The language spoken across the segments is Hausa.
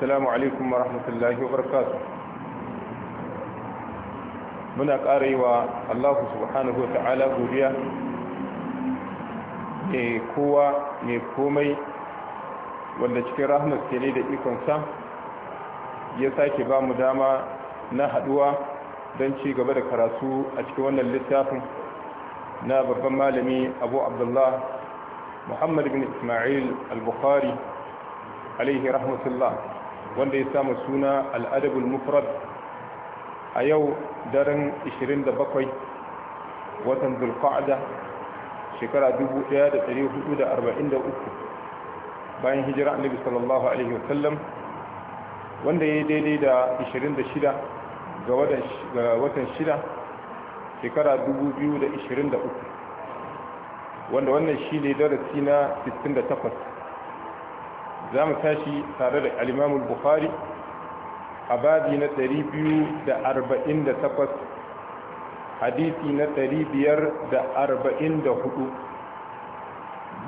السلام عليكم ورحمة الله وبركاته muna ƙara wa Allah subhanahu wa ta'ala ne kowa ne komai wanda cikin rahmat ke ne da ikonsa ya sake ba mu dama na haduwa don ci gaba da karatu a cikin wannan littafin na babban malami abu abdullah muhammad bin ismail al-bukhari alaihi rahmatullah wanda ya samu suna al'adabul mufrad a yau daren 27 watan zulqa'da shekara 1443 bayan hijira annabi sallallahu alaihi sallam wanda ya daidai da 26 ga watan 6 shekara 2023 wanda wannan shi ne darasi na 68 za mu tashi tare da alimamul bukhari a babi na 248 hadisi na 544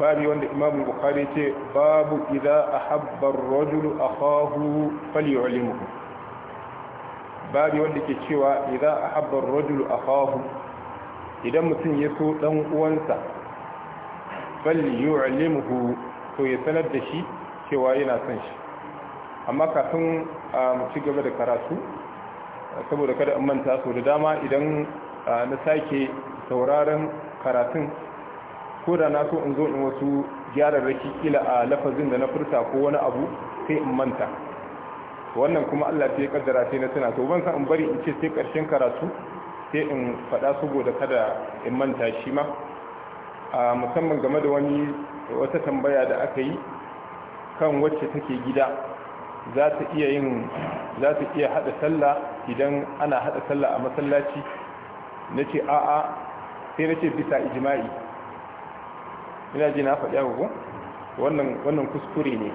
babi wanda imamul bukhari ce babu idza ahabba ar-rajulu akahu falyu'limuhu babi wanda ke cewa idza ahabba ar-rajulu akahu idan mutum ya so dan uwansa falyu'limuhu to ya sanar da shi cewa yana son shi amma kafin mu ci gaba da karatu saboda kada in manta so da dama idan na sake sauraron karatun ko da na so in zo in wasu gyararraki kila a lafazin da na furta ko wani abu sai in manta wannan kuma Allah sai ya kaddara sai na tana to ban san in bari in ce sai karshen karatu sai in faɗa saboda kada in manta shi ma musamman game da wani wata tambaya da aka yi kan wacce take gida za ta iya yin za ta iya hada sallah idan ana hada sallah a masallaci nace a'a sai nace bisa ijma'i ina ji na faɗi ko wannan wannan kuskure ne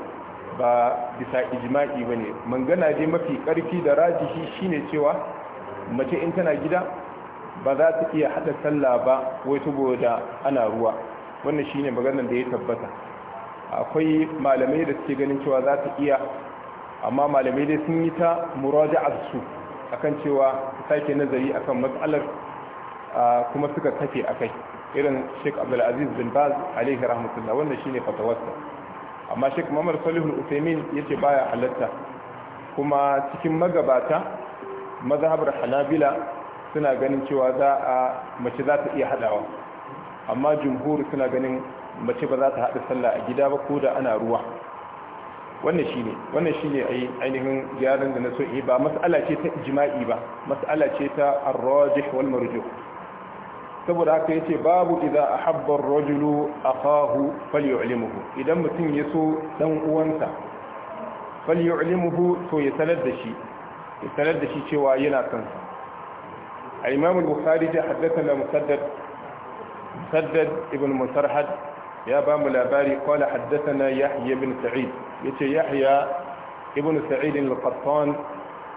ba bisa ijma'i bane mangana dai mafi ƙarfi da rajihi shine cewa mace in tana gida ba za ta iya hada sallah ba wai saboda ana ruwa wannan shine maganar da ya tabbata akwai malamai da suke ganin cewa za ta iya amma malamai dai sun yi ta muraja'ar su akan cewa sake nazari akan matsalar kuma suka tafi kai irin Sheikh Abdul bin Baz alaihi rahmatullah shi shine fatawarsa amma Sheikh mamar Salihu usaimin ya ce baya halatta kuma cikin magabata mazhabar Hanabila suna ganin cewa za a mace za ta iya hadawa amma jumhur suna ganin mace ba za ta haɗa sallah a gida ba ko da ana ruwa wannan shine wannan shine ainihin gyaran da na so yi ba mas'ala ce ta jima'i ba mas'ala ce ta ar-rajih wal marjuh saboda haka yace babu idza ahabba ar-rajulu akahu falyu'limuhu idan mutum ya so dan uwansa falyu'limuhu to ya sanar da shi ya sanar da shi cewa yana son sa al-imam al-bukhari da haddathana musaddad musaddad ibn musarhad يا بام الاباري قال حدثنا يحيى بن سعيد يتي يحيى ابن سعيد القطان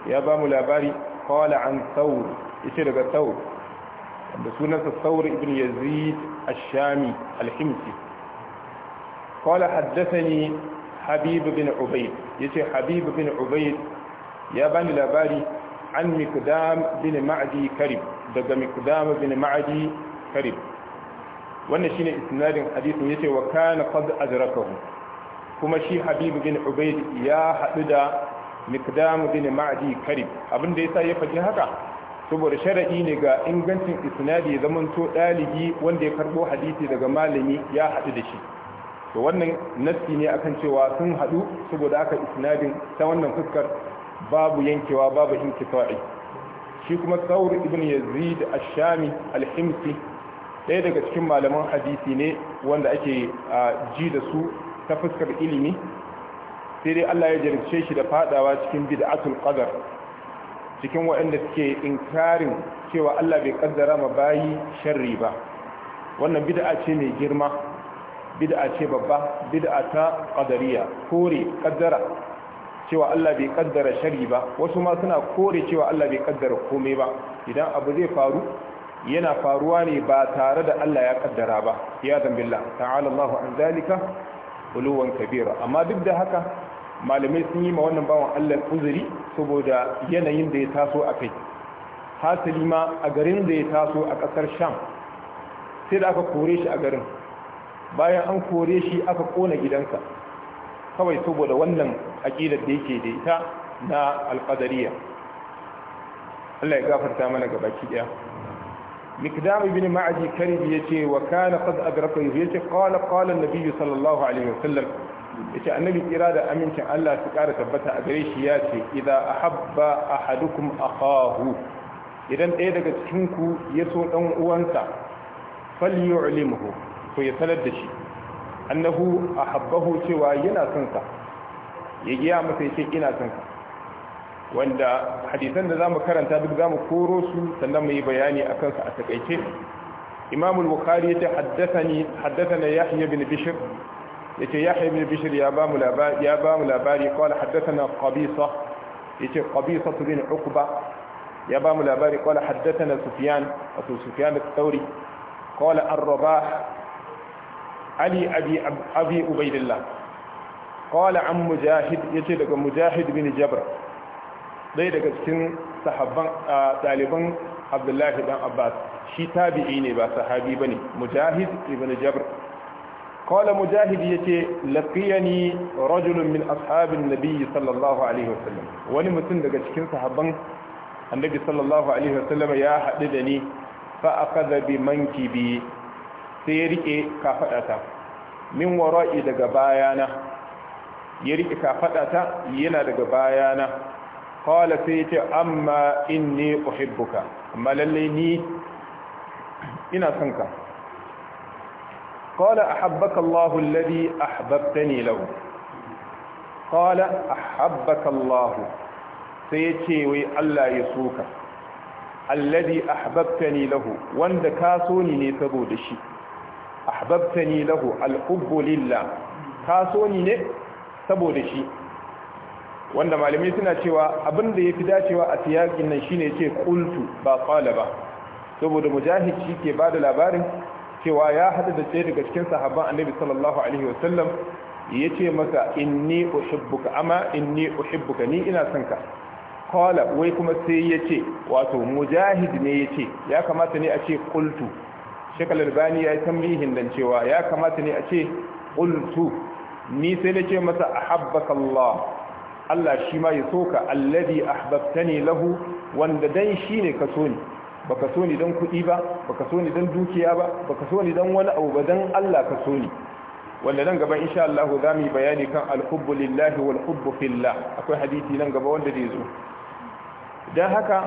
يا بام الاباري قال عن ثور يتي لغا ثور بسنة ثور ابن يزيد الشامي الحمسي قال حدثني حبيب بن عبيد يتي حبيب بن عبيد يا بام الاباري عن مقدام بن معدي كرب دقا مقدام بن معدي كرب wannan shine isnadin hadisin yace wa kana qad ajrakahu kuma shi habib bin ubayd ya hadu da miqdam bin ma'di karib abin da yasa ya faɗi haka saboda shar'i ne ga ingancin isnadi zaman to dalibi wanda ya karbo hadisi daga malami ya hadu da shi to wannan nassi ne akan cewa sun hadu saboda aka isnadin ta wannan fuskar babu yankewa babu inkita'i shi kuma saur ibn yazid ash-shami al-himsi ɗaya daga cikin malaman hadisi ne wanda ake ji da su ta fuskar ilimi sai dai Allah ya jarabce shi da fadawa cikin bid'atul qadar cikin waɗanda suke inkarin cewa Allah bai kaddara ma bayi sharri ba wannan bid'a ce mai girma bid'a ce babba bid'a ta qadariya kore kaddara cewa Allah bai kaddara sharri ba wasu ma suna kore cewa Allah bai kaddara komai ba idan abu zai faru yana faruwa ne ba tare da Allah ya kaddara ba ya zambilla ta'ala Allahu an zalika uluwan kabira amma duk da haka malamai sun yi ma wannan bawan Allah uzuri saboda yanayin da ya taso a kai hasali ma a garin da ya taso a kasar Sham sai da aka kore shi a garin bayan an kore shi aka kona gidansa kawai saboda wannan aqidar da yake da ita na alqadariya Allah ya gafarta mana gabaki daya مقدام بن معدي كرب يتي وكان قد أدركه يتي قال قال النبي صلى الله عليه وسلم يتي النبي إرادة أمين الله سكارة تبتها أدريش ياتي إذا أحب أحدكم أخاه idan ɗaya daga cikinku ya so ɗan uwansa falyu'limhu to ya sanar da shi annahu ahabbahu cewa yana son sa ya giya masa yake ina son ka wanda hadisan da zamu karanta duk zamu koro su sannan mu yi bayani akan su a takaice Imam al-Bukhari ya haddathani haddathana Yahya bin Bishr yace Yahya bin Bishr ya ba mu labari ya ba mu labari qala haddathana Qabisa yace Qabisa bin Uqba ya ba mu labari qala haddathana Sufyan wato Sufyan al-Thawri qala Ar-Rabah Ali abi abi Ubaidillah qala an Mujahid yace daga Mujahid bin Jabr ɗaya daga cikin ɗaliban abdullahi dan abbas shi tabi'i ne ba sahabi ne, mujahid ibn jabr qala mujahid ce laqiyani rajulun min ashabin Nabiyyi sallallahu alaihi wasallam wani mutum daga cikin sahabban annabi sallallahu alaihi wasallam ya hadu da ni fa aqadha bi mankibi sai ya riƙe kafadata min wara'i daga bayana ya riƙe kafaɗata yana daga bayana qala sai yace amma inni uhibbuka amma lalle ni ina son ka qala ahabbaka Allahu alladhi ahbabtani lahu qala ahabbaka Allahu sai yace wai Allah ya soka alladhi ahbabtani lahu wanda ka so ni ne saboda shi lahu ka so ni ne saboda shi wanda malamai suna cewa abin da ya fi dacewa a siyakin nan shine ce kultu ba qala ba saboda mujahid shi ke bada labarin cewa ya hada da sai daga cikin sahabban annabi sallallahu alaihi wasallam yace masa inni uhibbuka amma inni uhibbuka ni ina son ka qala wai kuma sai yace wato mujahid ne ya ce ya kamata ne a ce kultu shekal albani ya yi tambihin dan cewa ya kamata ne a ce kultu ni sai na nace masa ahabbaka allah Allah shi ma ya soka alladhi ahbabtani lahu wanda dan shi ka so ni baka so ni dan kuɗi ba baka so ni dan dukiya ba baka so ni dan wani abu ba dan Allah ka so ni wanda nan gaba insha Allah za mu yi bayani kan alhubbu lillahi wal hubbu fillah akwai hadisi nan gaba wanda zai zo dan haka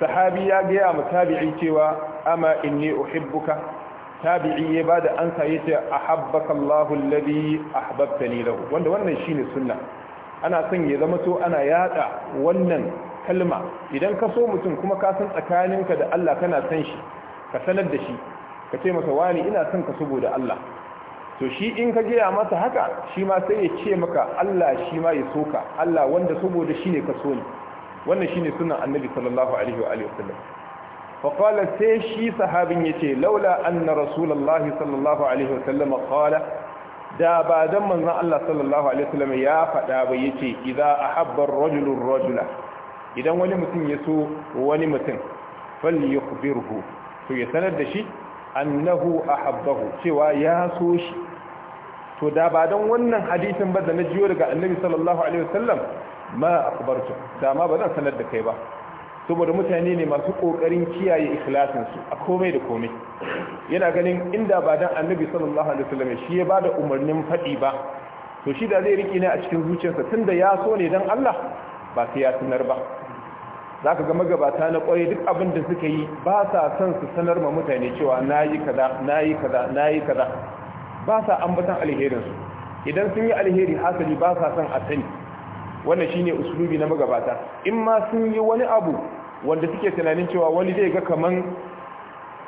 sahabi ya gaya mu tabi'i cewa ama inni uhibbuka tabi'i ya bada ansa yace ahabbaka Allahu alladhi ahbabtani lahu wanda wannan shine sunna ana son ya zama to ana yada wannan kalma idan ka so mutum kuma ka san tsakaninka da Allah kana san shi ka sanar da shi ka ce masa wani ina son ka saboda Allah to shi in ka gaya masa haka shi ma sai ya ce maka Allah shi ma ya soka Allah wanda saboda shi ne ka so ni wannan shi ne sunan annabi sallallahu alaihi wa sallam. wasallam sai shi sahabin ce laula anna rasulullahi sallallahu alaihi wa wasallam qala da ba dan manzon Allah sallallahu alaihi wasallam ya faɗa ba yace idza ahabba ar-rajulu ar-rajula idan wani mutum ya so wani mutum falyukhbirhu to ya sanar da shi annahu ahabbahu cewa ya so shi to da ba dan wannan hadisin ba da na jiyo daga annabi sallallahu alaihi wasallam ma akhbartu da ma ba zan sanar da kai ba saboda mutane ne masu kokarin kiyaye su a komai da komai yana ganin inda ba dan annabi sallallahu alaihi wasallam shi ya bada umarnin fadi ba to shi da zai riki ne a cikin zuciyarsa tunda ya so ne dan Allah ba sai ya sanar ba zaka ga magabata na koyi duk abin da suka yi ba sa son su sanar ma mutane cewa nayi kaza nayi kaza nayi kaza ba sa ambatan alherin su idan sun yi alheri hasali ba sa son a sani wannan ne usulubi na magabata in ma sun yi wani abu wanda suke tunanin cewa wani zai ga kaman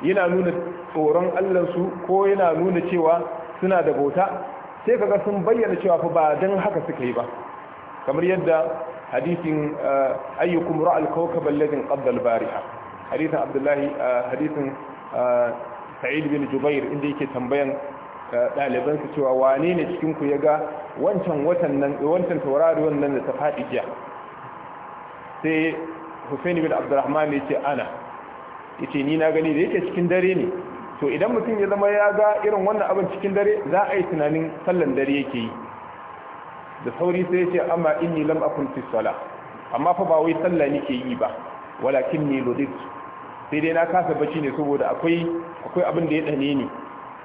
yana nuna tsoron Allah su ko yana nuna cewa suna da bauta sai kaga sun bayyana cewa fa ba dan haka suka yi ba kamar yadda hadisin ah, ayyukum ra'al kawkab alladhi qadda al-bariha hadisin abdullahi ah, hadisin ah, sa'id bin jubair inda yake tambayan su cewa wane ne cikinku ya ga wancan wancan tauraruwan nan da ta faɗi jiya sai hussein bin abdurrahman ya ce ana ya ce ni na gani da yake cikin dare ne to idan mutum ya zama ya ga irin wannan abin cikin dare za a yi tunanin sallan dare yake yi da sauri sai ya ce amma inni lam akun fi sala amma fa ba wai sallah nake yi ba walakin ni ludit sai dai na kasa bacci ne saboda akwai akwai abin da ya dane ni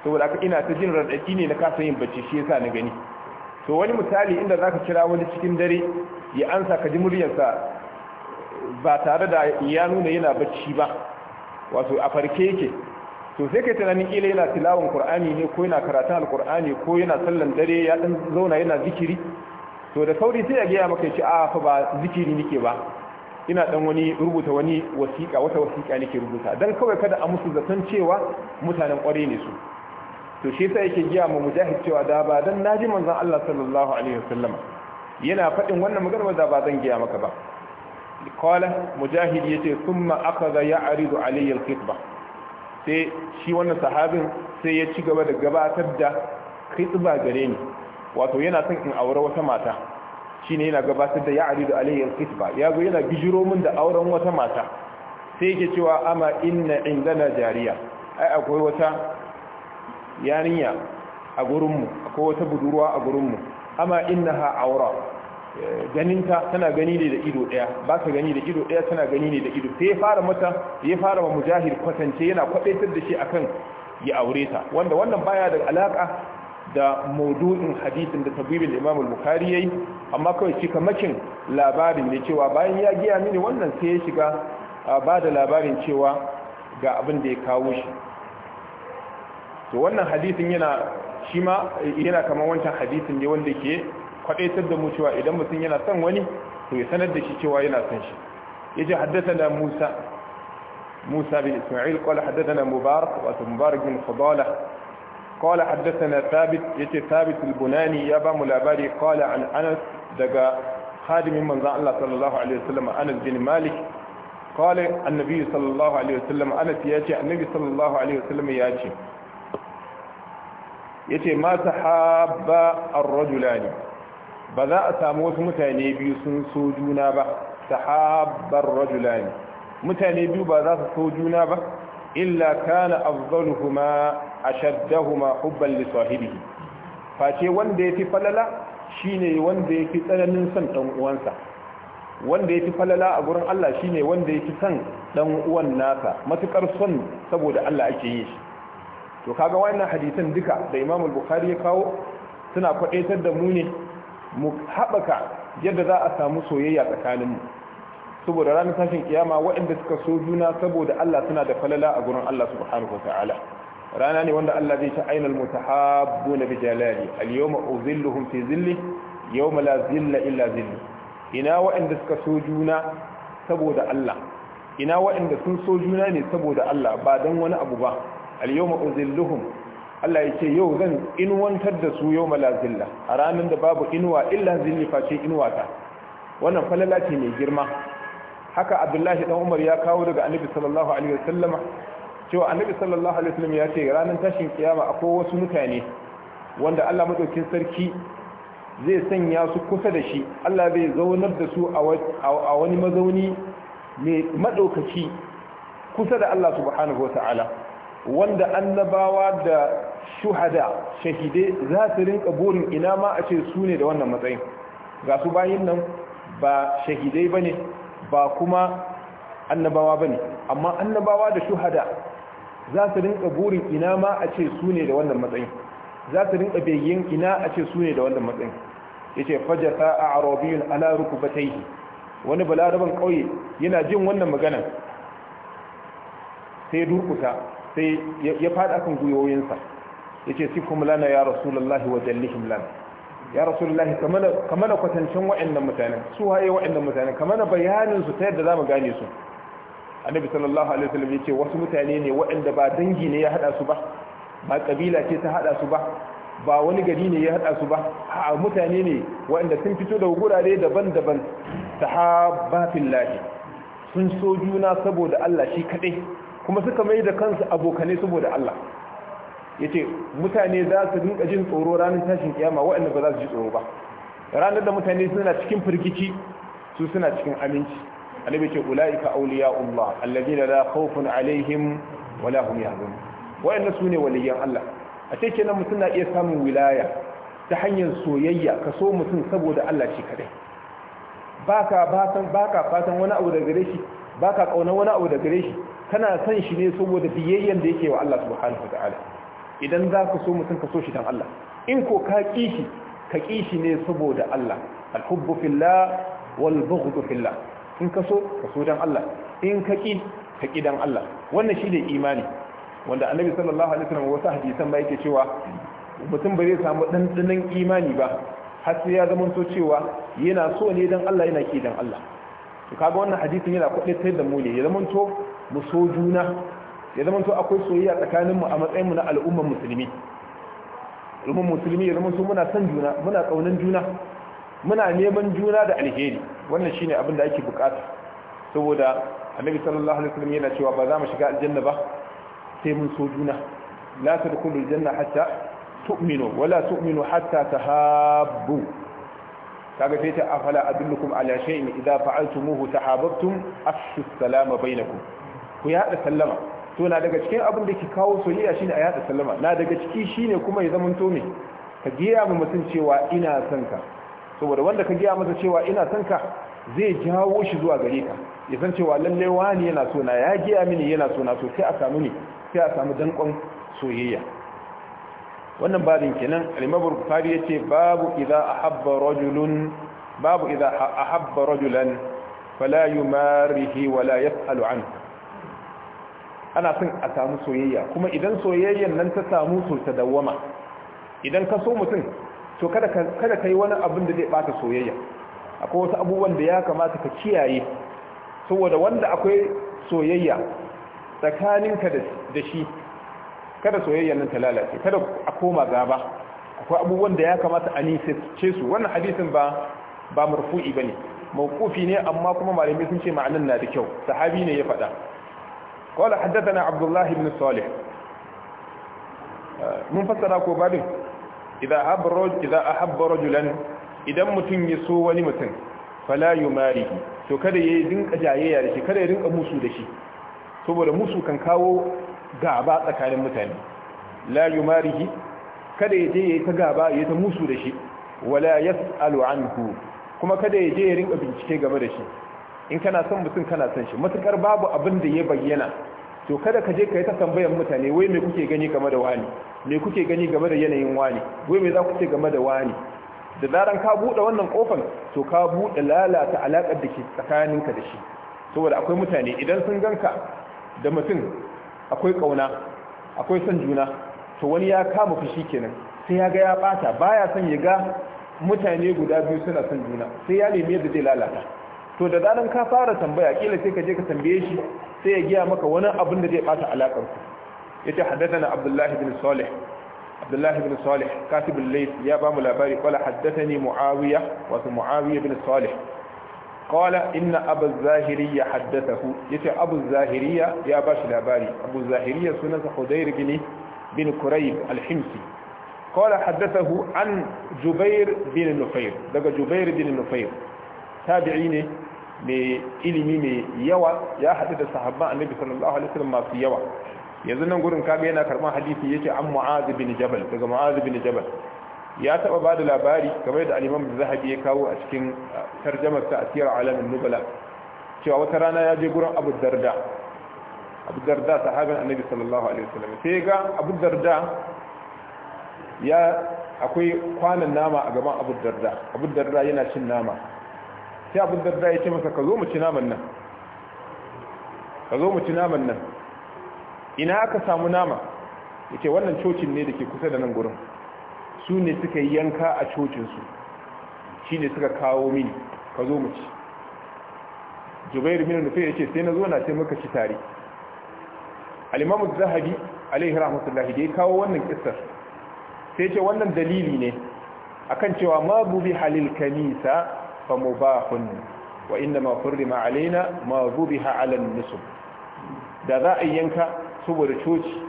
saboda aka ina ta jin raɗaɗi ne na kasa yin bacci shi yasa na gani to wani misali inda zaka kira wani cikin dare ya ansa ka ji muryarsa ba tare da ya nuna yana bacci ba wato a farke yake to sai kai tunanin kila yana tilawon qur'ani ne ko yana karatun alqur'ani ko yana sallan dare ya dan zauna yana zikiri to da sauri sai ya ga ya maka ce a fa ba zikiri nake ba ina dan wani rubuta wani wasiƙa wata wasiƙa nake rubuta dan kawai kada a musu zaton cewa mutanen ƙware ne su to shi sai yake giya mu mujahid cewa da ba dan naji manzon Allah sallallahu alaihi wasallam yana fadin wannan magana da ba zan giya maka ba qala mujahid yace thumma akhadha ya'ridu alayya alkhitba sai shi wannan sahabin sai ya ci gaba da gabatar da khitba gare ni wato yana son in aure wata mata shine yana gabatar da ya'ridu alayya alkhitba ya go yana bijiro min da auren wata mata sai yake cewa ama inna indana jariya ai akwai wata yarinya a gurinmu ko wata budurwa a gurinmu amma innaha aura ganinta tana gani ne da ido daya ba gani da ido daya tana gani ne da ido sai ya fara mata ya fara wa mujahid kwatance yana kwadaitar da shi akan ya aure ta wanda wannan baya da alaka da maudu'in hadisin da tabibin imam al-bukhari yayi amma kawai shi kamakin labarin ne cewa bayan ya giya mini wannan sai ya shiga ba da labarin cewa ga abin da ya kawo shi to wannan hadisin yana shi ma yana kamar wancan hadisin ne wanda ke kwadaitar da mu cewa idan mutum yana son wani to ya sanar da shi cewa yana son shi yace haddathana Musa Musa bin Isma'il qala haddathana Mubarak wa Mubarak bin Fadala قال حدثنا ثابت يتي ثابت البناني يا بام الاباري قال عن انس دقا خادم من ذا الله صلى الله عليه وسلم انس بن مالك قال النبي صلى الله عليه وسلم انس ياتي النبي صلى الله عليه ya ياتي ya ce mata haɓa arrajula ne ba za a samu wasu mutane biyu sun so juna ba ta haɓar rajula ne mutane biyu ba za su so juna ba illa kana afdaluhuma ashaddahuma hubban li sahibihi face wanda yafi falala shine wanda yafi tsananin son dan uwansa wanda yafi falala a gurin Allah shine wanda yafi son dan uwan nasa matukar son saboda Allah ake yi shi to kaga wannan hadisin duka da Imam Bukhari ya kawo suna kwadaitar da mu ne mu haɓaka yadda za a samu soyayya tsakanin mu saboda ranar tashin kiyama waɗanda suka so juna saboda Allah suna da falala a gurin Allah subhanahu wataala rana ne wanda Allah zai ta ainal mutahabbuna bi jalali al-yawma uzilluhum fi zilli yawma la zilla illa zilli ina waɗanda suka so juna saboda Allah ina waɗanda sun so juna ne saboda Allah ba dan wani abu ba al uzilluhum Allah ya ce yau zan inuwantar da su yau malazilla a ranar da babu inuwa illa zilli face inuwa ta wannan falala ce mai girma haka abdullahi dan umar ya kawo daga annabi sallallahu alaihi wasallam cewa annabi sallallahu alaihi wasallam ya ce ranar tashin kiyama akwai wasu mutane wanda Allah madaukin sarki zai sanya su kusa da shi Allah zai zaunar da su a wani mazauni mai madaukaki kusa da Allah subhanahu wataala wanda annabawa da shuhada shahide za su rinka burin ina ma a ce su ne da wannan matsayin ga su bayin nan ba shahidai ba ne ba kuma annabawa ba ne amma annabawa da shuhada za su rinka burin ina ma a ce su ne da wannan matsayin za su rinka begen ina a ce su ne da wannan matsayin ya ce fajata a arabiyun ala rukubataihi wani balaraban ƙauye yana jin wannan maganan sai durkusa sai ya fada kan guyoyinsa ce sifhum lana ya rasulullahi wa jallihim lana ya rasulullahi kamar kwatancin wa'annan mutanen su haye wa'annan mutanen kamar bayanin su ta yadda za mu gane su annabi sallallahu alaihi wasallam ce wasu mutane ne da ba dangi ne ya hada su ba ba kabila ce ta hada su ba ba wani gari ne ya hada su ba a mutane ne da sun fito da gurare daban-daban sahabba fillahi sun so juna saboda Allah shi kaɗai. kuma suka mai da kansu abokane saboda Allah yace mutane za su dinka jin tsoro ranar tashin kiyama waɗanda ba za su ji tsoro ba ranar da mutane suna cikin firgici su suna cikin aminci annabi ce ulaika Allah alladhina la khawfun alaihim wala hum yahzun waɗanda su ne waliyan Allah a ce kenan mutum na iya samun wilaya ta hanyar soyayya ka so mutum saboda Allah shi kadai baka baka fatan wani abu da gare shi baka kauna wani abu da gare shi kana san shi ne saboda biyayyen da yake wa Allah subhanahu wa idan za ka so mutum ka so shi dan Allah in ko ka ƙi shi ka ƙi shi ne saboda Allah alhubbu fillah wal bughdu fillah in ka so ka so dan Allah in ka ƙi ka ƙi dan Allah wannan shi ne imani wanda annabi sallallahu alaihi wasallam wasa hadisan ba yake cewa mutum ba zai samu dandanan imani ba har sai ya zamanto cewa yana so ne dan Allah yana ki dan Allah to kaga wannan hadisin yana kuɗe da mu ne ya zamanto mu so juna ya zama to akwai soyayya tsakanin mu a matsayin mu na al'ummar musulmi al'ummar musulmi ya zama to muna son juna muna kaunan juna muna neman juna da alheri wannan shine abin da ake bukata saboda annabi sallallahu alaihi wasallam yana cewa ba za mu shiga aljanna ba sai mun so juna la tadkhulu aljanna hatta tu'minu wala tu'minu hatta tahabbu kaga sai ta afala adullukum ala shay'in idza fa'altumuhu tahabbtum afshu salama bainakum ku yaɗa sallama to na daga cikin abin da ke kawo soyayya shine a yaɗa sallama na daga ciki shine kuma ya zama to ka gaya ma mutum cewa ina son ka saboda wanda ka gaya masa cewa ina son ka zai jawo shi zuwa gare ka ya san cewa lalle wani yana so na ya gaya mini yana so na so sai a samu ne sai a samu dankon soyayya wannan babin kenan al-Imam Bukhari yace babu idza ahabba rajulun babu idza ahabba rajulan fala yumarihi wala yas'alu anhu ana son a samu soyayya kuma idan soyayyan nan ta samu so ta dawwama idan ka so mutum to kada ka yi wani abin da zai bata soyayya akwai wasu abubuwan da ya kamata ka kiyaye saboda wanda akwai soyayya tsakaninka da shi kada soyayya nan ta lalace kada a koma gaba akwai abubuwan da ya kamata a nisace su wannan hadisin ba ba marfu'i bane mawqufi ne amma kuma malamai sun ce ma'anan na da kyau sahabi ne ya faɗa قال حدثنا عبد الله بن صالح mun fassara ko babin idan ahabba rajulan idan mutum ya so wani mutum fala yumari to kada ya dinka jayayya da shi kada ya dinka musu da shi saboda musu kan kawo gaba tsakanin mutane la yumari kada ya je ya ta gaba ya ta musu da shi wala yasalu anhu kuma kada ya je ya rinka bincike game da shi in kana son mutum kana son shi matukar babu abin da ya bayyana to kada ka je ka yi ta tambayar mutane wai me kuke gani game da wani me kuke gani game da yanayin wani wai me za ku ce game da wani da zaran ka buɗe wannan kofan to ka buɗe lalata alaƙar da ke tsakaninka da shi saboda akwai mutane idan sun ganka da mutum akwai ƙauna akwai son juna to wani ya kama fushi kenan sai ya ga ya ɓata baya son ya ga mutane guda biyu suna son juna sai ya nemi yadda zai lalata to da zaran ka fara tambaya kila sai ka je ka tambaye shi sai ya giya maka wani abin da zai bata alakar ku yace haddathana abdullahi ibn salih abdullah ibn salih katib al-layth ya ba mu labari qala haddathani muawiya wa muawiya ibn salih qala inna abu zahiriyya haddathahu yace abu zahiriya ya ba shi labari abu zahiriyya sunansa hudayr gini bin kurayb alhimsi himsi قال حدثه عن جبير بن نفير دقى جبير بن نفير tabi'i ne mai ilimi mai yawa ya haɗu da sahabban annabi sallallahu alaihi wasallam masu yawa yanzu nan gurin kaga yana karban hadisi yake an mu'az bin jabal daga mu'az bin jabal ya taba bada labari kamar da al-imam zahabi ya kawo a cikin tarjumar sa asir alamin nubala cewa wata rana ya je gurin abu darda abu darda sahaban annabi sallallahu alaihi wasallam sai ga abu darda ya akwai kwanan nama a gaban abu darda abu darda yana cin nama sai abin darda ya ce masa ka zo mu ci naman nan ka zo mu ci naman nan ina aka samu nama ya ce wannan cocin ne da ke kusa da nan gurin su ne suka yi yanka a cocinsu shi ne suka kawo mini ka zo mu ci jubair min nufi ya ce sai na zo na sai muka ci tare al-imamu zahabi alaihi rahmatullahi da ya kawo wannan kissar sai ce wannan dalili ne akan cewa ma bubi halil kanisa fa mubahun wa inna ma hurrima alaina ma zubiha ala nusub da za a yanka saboda coci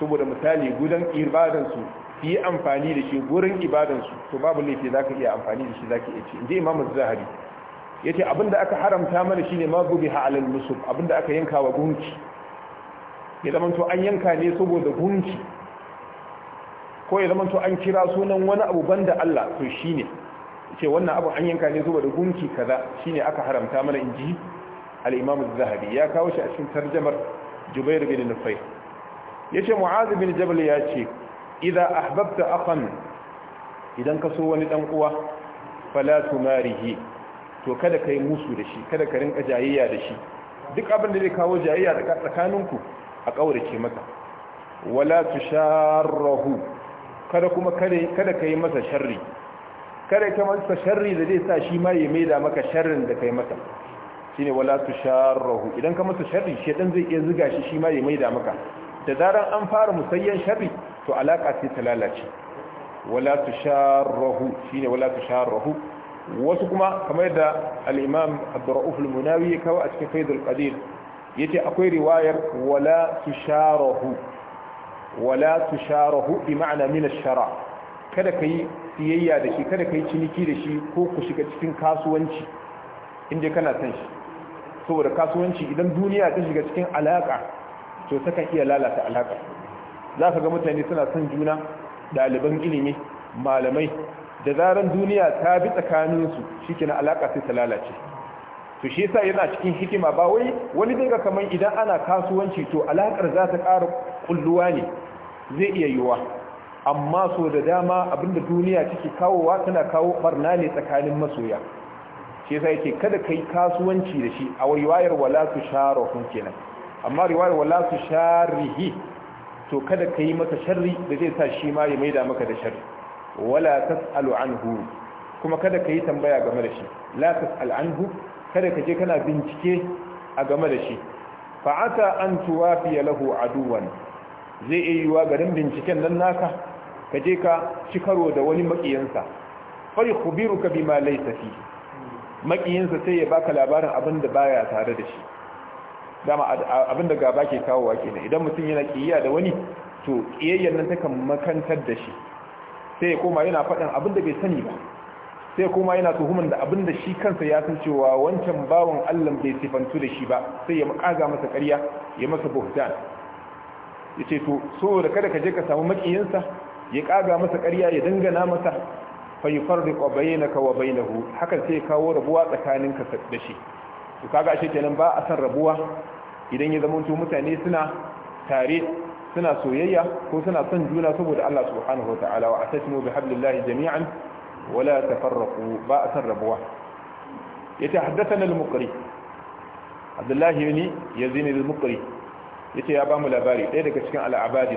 saboda misali gudan ibadansu, su yi amfani da shi gurin ibadansu. to babu laifi za ka iya amfani da shi za zaka iya ci inji imam zahari ce abinda aka haramta mana shine ma zubiha ala nusub abinda aka yanka wa gunki ya zamanto an yanka ne saboda gunki ko ya zamanto an kira sunan wani abu banda Allah to shine ce wannan abin an yanka ne zuwa da gunki kaza shine aka haramta mana inji ji al-imam az-zahabi ya kawo shi a cikin tarjumar jubair bin nufayr yace mu'az bin jabal ya ce idza ahbabta akhan idan ka so wani dan uwa fala tumarihi to kada kai musu da shi kada ka rinka jayayya da shi duk abin da zai kawo jayayya tsakaninku a kaurace maka wala tusharrahu kada kuma kada kai masa sharri kare kamar masa sharri da zai sa shi ma ya maida maka sharrin da kai masa shine wala tusharruhu idan ka masa sharri shi dan zai iya zuga shi shi ma ya maida maka da zaran an fara musayyan sharri to alaka sai ta lalace wala tusharruhu shine wala tusharruhu wasu kuma kamar da al-imam Abdurrauf al-Munawi ya kawo a cikin Faidul Qadir yace akwai riwayar wala tusharruhu wala tusharruhu bi ma'ana min ash-shara' kada ka yi siyayya da shi kada ka yi ciniki da shi ko ku shiga cikin kasuwanci inda kana son shi saboda kasuwanci idan duniya ta shiga cikin alaƙa to takan iya lalata alaƙa za ka ga mutane suna son juna ɗaliban ilimi malamai da zaran duniya ta bi tsakaninsu shi kenan alaka alaƙa sai ta lalace to shi yasa yana cikin hikima ba wai wani dinga kamar idan ana kasuwanci to alaƙar za ta ƙara ƙulluwa ne zai iya yiwuwa amma so da dama abinda duniya take kawowa tana kawo barna ne tsakanin masoya shi yasa yake kada kai kasuwanci da shi a riwayar wala su sharahun kenan amma riwayar wala su sharihi to kada kai masa sharri da zai sa shi ma ya maida maka da sharri wala tasalu anhu kuma kada kai tambaya game da shi la tasal anhu kada ka je kana bincike a game da shi fa'ata an tuwafiya lahu aduwan zai iya yiwuwa garin binciken nan naka ka je ka ci karo da wani makiyansa fari bi ma laisa fi makiyansa sai ya baka labarin abin da baya tare da shi dama abin da gaba ke kawo wake ne idan mutum yana kiyaya da wani to kiyayyar nan takan makantar da shi sai ya koma yana faɗin abin da bai sani ba sai kuma yana tuhuman da abin da shi kansa ya san cewa wancan bawan Allah bai sifantu da shi ba sai ya makaga masa ƙarya ya masa buhtan yace to so da kada ka je ka samu makiyinsa ya kaga masa ƙarya ya dangana masa fa yufarriqu bainaka wa bainahu hakan sai kawo rabuwa tsakaninka da shi to kaga ashe kenan ba a san rabuwa idan ya zama to mutane suna tare suna soyayya ko suna son juna saboda Allah subhanahu wa ta'ala wa atasimu bi hablillahi jami'an wa la tafarraqu ba a san rabuwa yace haddathana al-muqri Abdullahi ibn Yazid al-Muqri yace ya ba mu labari ɗaya daga cikin al-abadi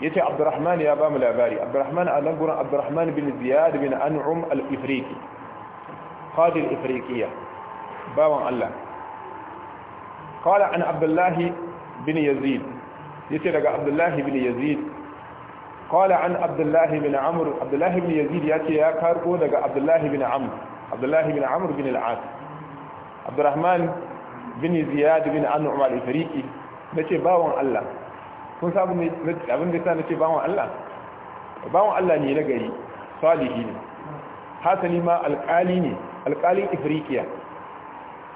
yace abdurrahman ya ba mu labari abdurrahman a nan gurin abdurrahman bin ziyad bin an'um al-ifriqi qadi al-ifriqiyya bawan Allah qala an abdullah bin yazid yace daga abdullah bin yazid qala an abdullah bin amr abdullah bin yazid yace ya karbo daga abdullah bin amr abdullah bin amr bin al-as abdurrahman bin ziyad bin an'um al-ifriqi yace bawan Allah kun sabu abin da na ce bawon Allah bawon Allah ne na gari salihi ne hasali ma alƙali ne alƙalin ifirikiya.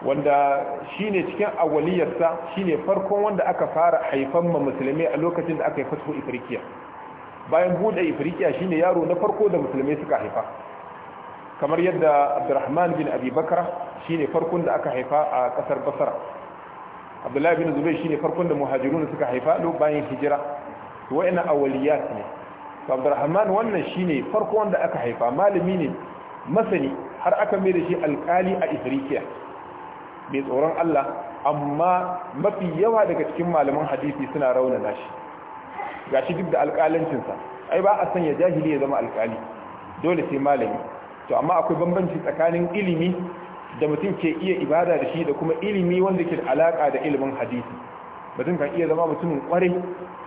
wanda shi ne cikin awaliyarsa ne farkon wanda aka fara haifan ma musulmai a lokacin da aka yi fatuhu ifirikiya. bayan buɗe ifirikiya shi ne yaro na farko da musulmai suka haifa kamar yadda Abdurrahman bin Abi shi ne farkon da aka haifa a ƙasar Basara. abdullahi bin zubair shine farkon da muhajirun suka haifa bayan hijira to wayannan awliyat ne to abdurrahman wannan shine farko wanda aka haifa malami ne masani har aka mai da shi alkali a ifriqiya bai tsoron Allah amma mafi yawa daga cikin malaman hadisi suna raunana shi gashi duk da alkalancinsa ai ba a sanya jahili ya zama alkali dole sai malami to amma akwai bambanci tsakanin ilimi da mutum ke iya ibada da shi da kuma ilimi wanda ke da alaka da ilimin hadisi mutum kan iya zama mutumin kwarai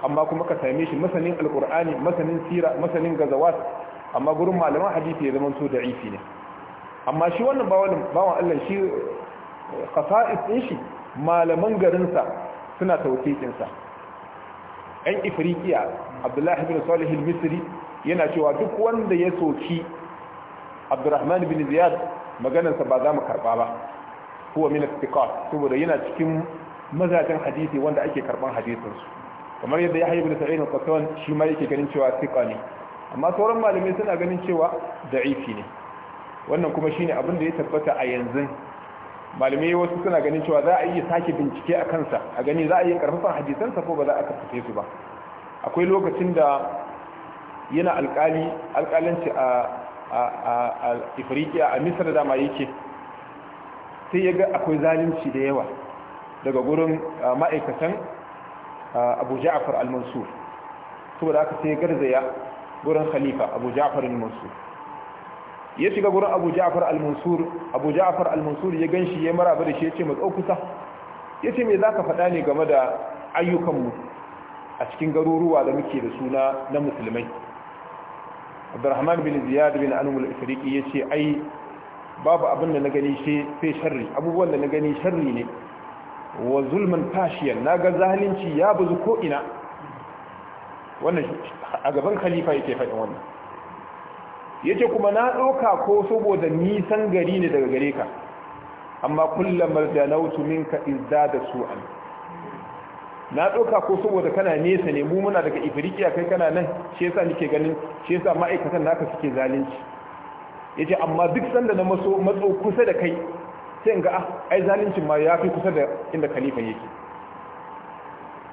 amma kuma ka same shi masanin alkur'ani masanin sira masanin gazawat amma gurin malaman hadisi ya zama to ifi ne amma shi wannan ba wani, bawan Allah shi qasa'is din shi malaman garinsa suna sa ɗan ifriqiya Abdullahi ibn Salih al-Misri yana cewa duk wanda ya soki Abdurrahman bin Ziyad maganarsa ba za mu karba ba huwa min al saboda yana cikin mazajen hadisi wanda ake karban hadisin su kamar yadda Yahya ibn Sa'id al-Qattan shi ma yake ganin cewa thiqa ne amma sauran malamai suna ganin cewa da'ifi ne wannan kuma shine abin da ya tabbata a yanzu malamai wasu suna ganin cewa za a iya sake bincike a kansa a gani za a yi karfafan hadisansa ko ba za a karfafe su ba akwai lokacin da yana alƙali alkalanci a a a misar dama yake sai ya ga akwai zalunci da yawa daga gurin ma'aikatan abu ja'afar al-mansur saboda aka sai ya garzaya gurin khalifa abu ja'afar al-mansur ya shiga gurin abu ja'afar al-mansur abu ja'afar al-mansur ya ganshi ya maraba da shi ya ce matsau kusa ya ce me ka faɗa ne game da ayyukanmu a cikin garuruwa da muke da suna na musulmai abdurrahman bin ziyad bin anwar ifiriki ya ce ai babu abin da na gani sai sharri abubuwan da na gani sharri ne wa zulman fashiyan na ga zalunci ya bazu ko'ina wannan a gaban khalifa yake faɗin wannan ya ce kuma na ɗauka ko saboda nisan gari ne daga gare ka amma kullum marjanautu minka izda da su'an na ɗauka ko saboda kana nesa ne mu muna daga ifirikiya kai kana nan shi yasa nike ganin shi yasa ma'aikatan naka suke zalunci ya ce amma duk sanda na maso matso kusa da kai sai ga ah ai zaluncin ma ya fi kusa da inda khalifa yake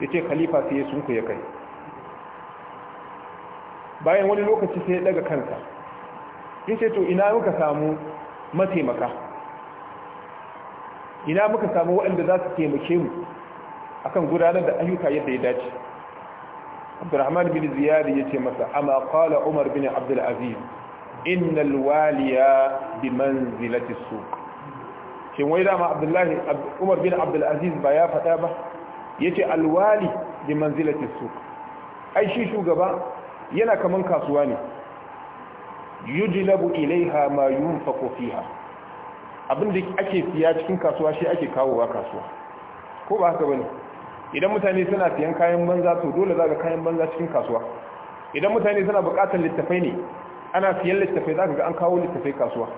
ya ce khalifa sai ya sunku ya kai bayan wani lokaci sai ya daga kansa ya ce to ina muka samu mataimaka ina muka samu waɗanda za su taimake mu akan gudanar da ayyuka yadda ya dace abdurrahman bin ziyad ya ce masa amma qala umar bin abdul aziz innal waliya bi manzilati suq shin wai ma abdullahi umar bin abdul aziz ba ya faɗa ba yace alwali bi manzilati suq ai shi shugaba yana kaman kasuwa ne yujlabu ilaiha ma yunfaqu fiha abin da ake siya cikin kasuwa shi ake kawowa kasuwa ko ba haka bane idan mutane suna siyan kayan banza to dole za ka kayan banza cikin kasuwa idan mutane suna buƙatar littafai ne ana siyan littafai za ka ga an kawo littafai kasuwa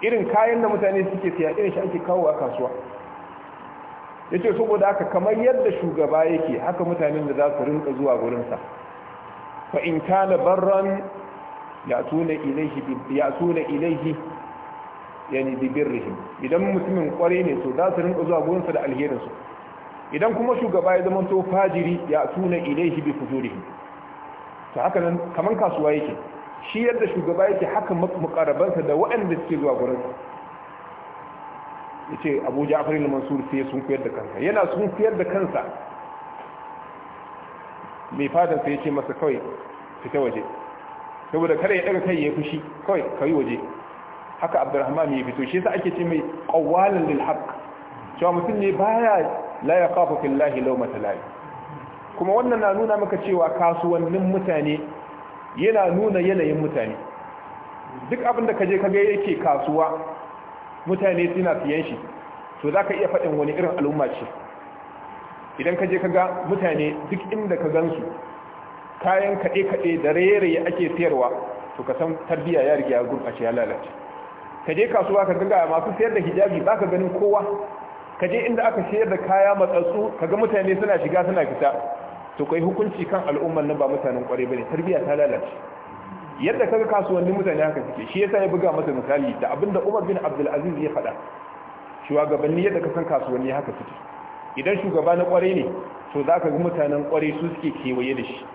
irin kayan da mutane suke siya irin shi ake kawo a kasuwa ya ce saboda haka kamar yadda shugaba yake haka mutanen da za su rinka zuwa gurinsa fa in kana barran ya tuna ilaihi ya tuna ilaihi yani bibirrihim idan mutumin kware ne to za su rinka zuwa gurinsa da alherinsu idan kuma shugaba ya zama to fajiri ya tuna ilaihi bi fujurihi to haka nan kaman kasuwa yake shi yadda shugaba yake haka mukarabansa da waɗanda suke zuwa gurin yace Abu Ja'far al-Mansur sai sun koyar da kansa yana sun koyar da kansa mai fadan sai yace masa kawai fita waje saboda kada ya daga kai ya fushi kawai kai waje haka Abdurrahman ya fito shi yasa ake ce mai qawwalan lil haqq cewa mutum ne baya la ya kafa fillahi lau layi kuma wannan na nuna maka cewa kasuwannin mutane yana nuna yanayin mutane duk abin da ka je kaga yake kasuwa mutane suna siyan shi to za ka iya faɗin wani irin al'umma ce idan ka je kaga mutane duk inda ka gansu kayan kaɗe-kaɗe da raye-raye ake siyarwa to ka san tarbiyya ya riga a gurɓace ya lalace ka je kasuwa ka ga masu sayar da hijabi ba ka ganin kowa ka je inda aka shayar da kaya matsatsu kaga mutane suna shiga suna fita to kai hukunci kan al'ummar nan ba mutanen kwarai bane tarbiya ta lalace yadda kaga kasuwannin mutane haka suke shi yasa ya buga masa misali da abinda Umar bin Abdul Aziz ya faɗa gabanni yadda ka san kasuwanni haka suke idan shugaba na kwarai ne to za ka ga mutanen kwarai su suke kewaye da shi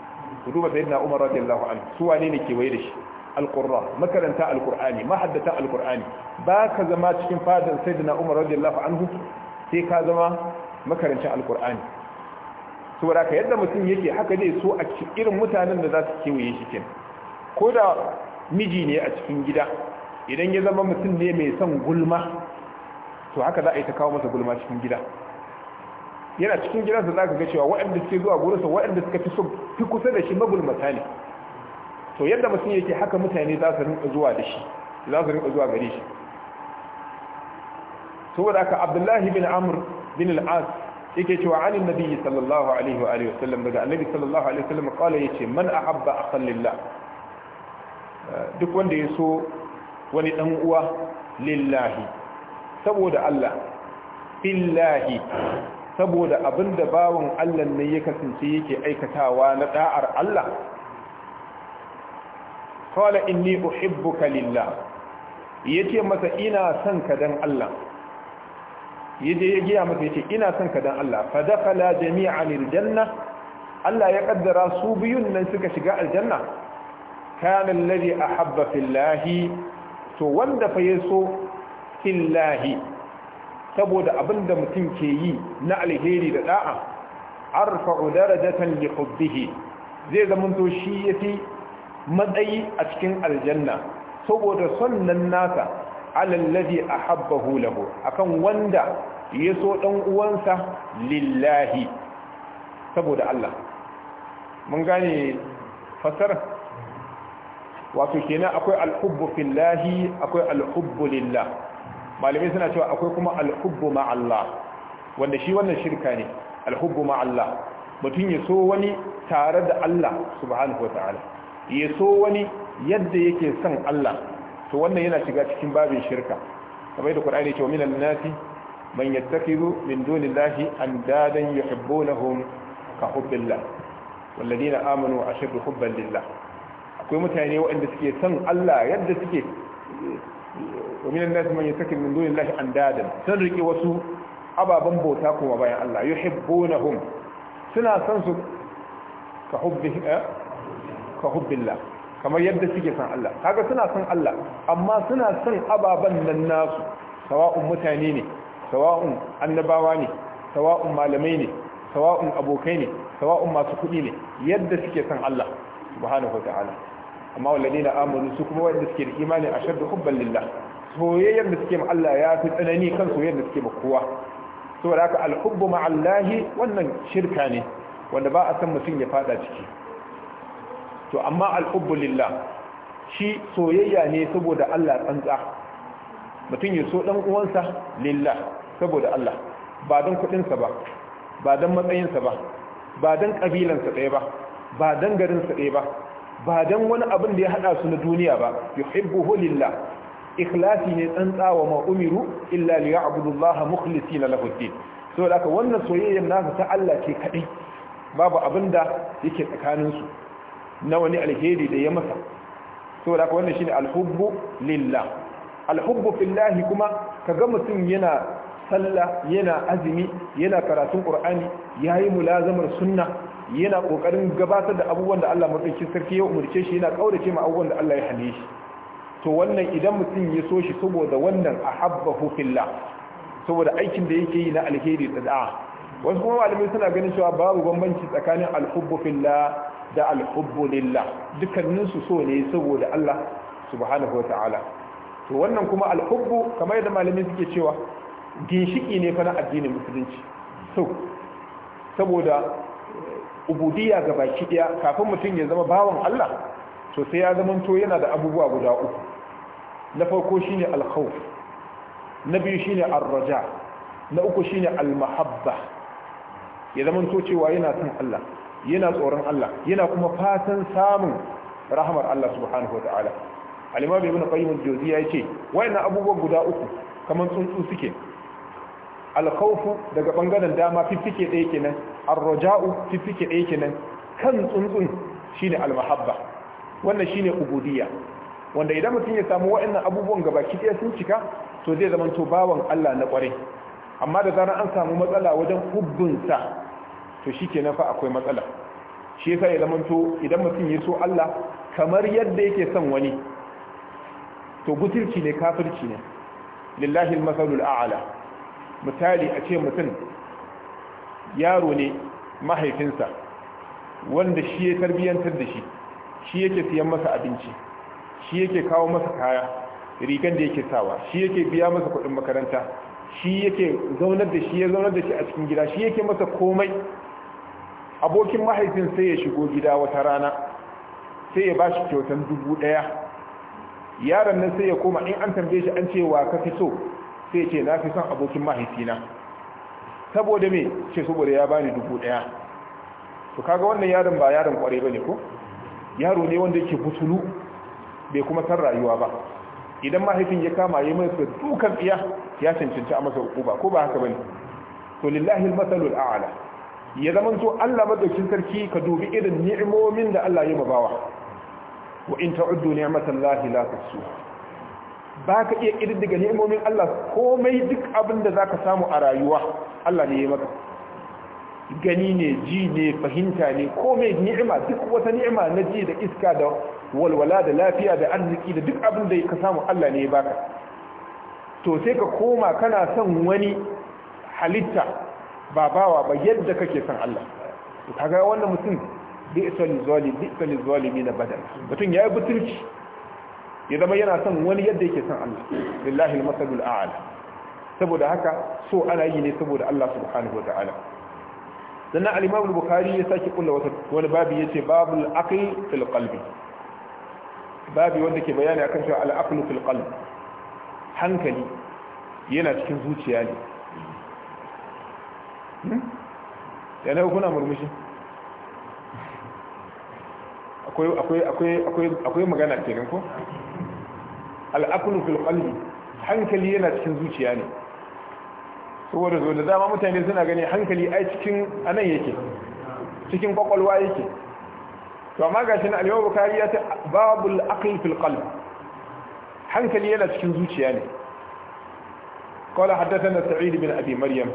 ku duba sayyidina Umar radiyallahu anhu su wane ne kewaye da shi alqurra makaranta alqur'ani mahaddata alqur'ani ba ka zama cikin fadan sayyidina Umar radiyallahu anhu sai ka zama makarancin alkur'ani saboda ka yadda mutum yake haka ne so a irin mutanen da za su kewaye shi ke ko da miji ne a cikin gida idan ya zama mutum ne mai son gulma to haka za a yi ta kawo masa gulma cikin gida yana cikin gidansa za ka ga cewa waɗanda suke zuwa gurinsa waɗanda suka fi son fi kusa da shi magulmata ne to yadda mutum yake haka mutane za su rinka zuwa da shi za su rinka zuwa gare shi saboda aka abdullahi bin amr bin al-as yake cewa anin nabiyyi sallallahu alaihi wa alihi wasallam daga annabi sallallahu alaihi wasallam kala yace man ahabba akhan lillah duk wanda ya so wani dan uwa lillahi saboda Allah billahi saboda abinda bawon Allah ne ya kasance yake aikatawa na da'ar Allah kala inni uhibbuka lillah yace masa ina son ka dan Allah yaje ya giya masa yace ina son ka dan Allah fa jami'a jami'an aljanna Allah ya kaddara su biyun nan suka shiga aljanna kana alladhi ahabba fillahi to wanda fa yaso fillahi saboda abinda mutum ke yi na alheri da da'a arfa'u darajatan li hubbihi zai zamanto shi yafi matsayi a cikin aljanna saboda son nan nasa alallazi ahabbahu lahu akan wanda ya so ɗan uwansa lillahi saboda Allah mun gane fasar wato kenan akwai alhubbu fillahi akwai alhubbu lillah malamai suna cewa akwai kuma alhubbu ma Allah wanda shi wannan shirka ne alhubbu Allah mutum ya so wani tare da Allah subhanahu wa ta'ala ya so wani yadda yake son Allah to wannan yana shiga cikin babin shirka kamar da Qur'ani ce minan nasi man yattakidu min dunillahi andadan yuhibbunahum ka hubbillah wal ladina amanu ashaddu hubban lillah akwai mutane waɗanda suke san Allah yadda suke minan nasi man yattakidu min dunillahi andadan san rike wasu ababan bauta kuma bayan Allah yuhibbunahum suna san su ka hubbi eh, ka hubbillah kamar yadda suke san Allah kaga suna san Allah amma suna san ababan nan nasu sawa'un mutane ne sawa'un annabawa ne sawa'un malamai ne sawa'un abokai ne sawa'un masu kuɗi ne yadda suke san Allah subhanahu wata'ala amma walladina amanu su kuma wanda suke da imani ashaddu hubban lillah soyayyar da suke ma Allah ya fi tsanani kan soyayyar da suke ma kowa saboda haka alhubbu ma'allahi wannan shirka ne wanda ba a san mutum ya fada ciki to amma al'ubu lillah shi soyayya ne saboda Allah tsantsa mutum ya so dan uwansa lillah saboda Allah ba don kuɗinsa ba ba don matsayinsa ba ba don ƙabilansa ɗaya ba ba don garinsa ɗaya ba ba don wani abin da ya haɗa su na duniya ba yuhibbuhu lilla. ikhlasi ne tsantsa wa ma illa li ya'budu Allah mukhlisina lahu saboda haka wannan soyayyar nasa ta Allah ke kaɗai, babu abin da yake tsakaninsu na wani alheri da ya masa so da wannan shine alhubbu lillah alhubbu fillahi kuma kaga mutum yana sallah yana azumi yana karatun qur'ani yayi mulazamar sunna yana kokarin gabatar da abubuwan da Allah madauki sarki ya umurce shi yana kaurace ma abubuwan da Allah ya hane shi to wannan idan mutum ya so shi saboda wannan ahabbahu fillah saboda aikin da yake yi na alheri da da'a wasu kuma malamai suna ganin cewa babu bambanci tsakanin alhubbu fillah da alhubbu lillah dukkanin su so ne saboda Allah subhanahu wataala to wannan kuma alhubbu kamar yadda malamai suke cewa ginshiki ne fa na addinin musulunci so saboda ubudiyya ga baki daya kafin mutum ya zama bawan Allah to sai ya zama to yana da abubuwa guda uku na farko shine alkhawf na biyu shine arraja na uku shine almahabba ya zama to cewa yana son Allah yana tsoron Allah yana kuma fatan samun rahmar Allah subhanahu wa ta'ala Alimami ibn qayyim al ya ce wayannan abubuwan guda uku kamar tsuntsu suke al daga bangaren dama fiffike ɗaya kenan ar-raja'u fiffike ɗaya kenan kan tsuntsun shine al-mahabba wannan shine ubudiyya wanda idan mutum ya samu wayannan abubuwan ki ɗaya sun cika to zai zama to bawan Allah na kware amma da zaran an samu matsala wajen hubbinsa to shi ke fa akwai matsala shi yasa ya zamanto idan mutum ya so Allah kamar yadda yake son wani to butulci ne kafirci ne lillahi almasalul a'la misali a ce mutum yaro ne mahaifinsa wanda shi ya tarbiyantar da shi shi yake siyan masa abinci shi yake kawo masa kaya rigan da yake sawa shi yake biya masa kuɗin makaranta shi yake zaunar da shi ya zaunar da shi a cikin gida shi yake masa komai abokin mahaifin sai ya shigo gida wata rana sai ya ba shi kyautan dubu ɗaya yaron nan sai ya koma in an tambaye shi an ce wa ka fi so sai ce na fi son abokin mahaifina saboda me ce saboda ya bani dubu ɗaya to kaga wannan yaron ba yaron kwarai bane ko yaro ne wanda yake butulu bai kuma san rayuwa ba idan mahaifin ya kama ya masa dukan iya ya cancanci a masa uku ba, ko ba haka bane to lillahi al-masalul a'la ya zama to Allah madaukin sarki ka dubi irin ni'imomin da Allah ya mabawa wa in ta'uddu ni'matallahi la ba baka iya daga ni'imomin Allah komai duk abin da zaka samu a rayuwa Allah ne ya maka gani ne ji ne fahimta ne komai ni'ima duk wata ni'ima na ji da iska da walwala da lafiya da arziki da duk abin da ka samu Allah ne ya baka to sai ka koma kana son wani halitta ba bawa ba yadda kake san Allah ga wannan mutum bi'sa lizali bi'sa lizalimi na badal mutum yayi butulci ya zama yana son wani yadda yake san Allah lillahi al a'la saboda haka so ana yi ne saboda Allah subhanahu wataala sannan al-imam al-bukhari ya saki kulla wata wani babi yace babul aqli fil qalbi Babu wanda ke bayani akan cewa al-aqlu fil qalbi hankali yana cikin zuciya ne ya na kuna murmushi akwai magana kenan ko al'akulu fil qalbi hankali yana cikin zuciya ne saboda zo da dama mutane suna gani hankali ai cikin anan yake cikin kwakwalwa yake to amma gashi na al-Imam Bukhari ya ce babul aql fil qalb hankali yana cikin zuciya ne قال حدثنا sa'id bin Abi-Maryam.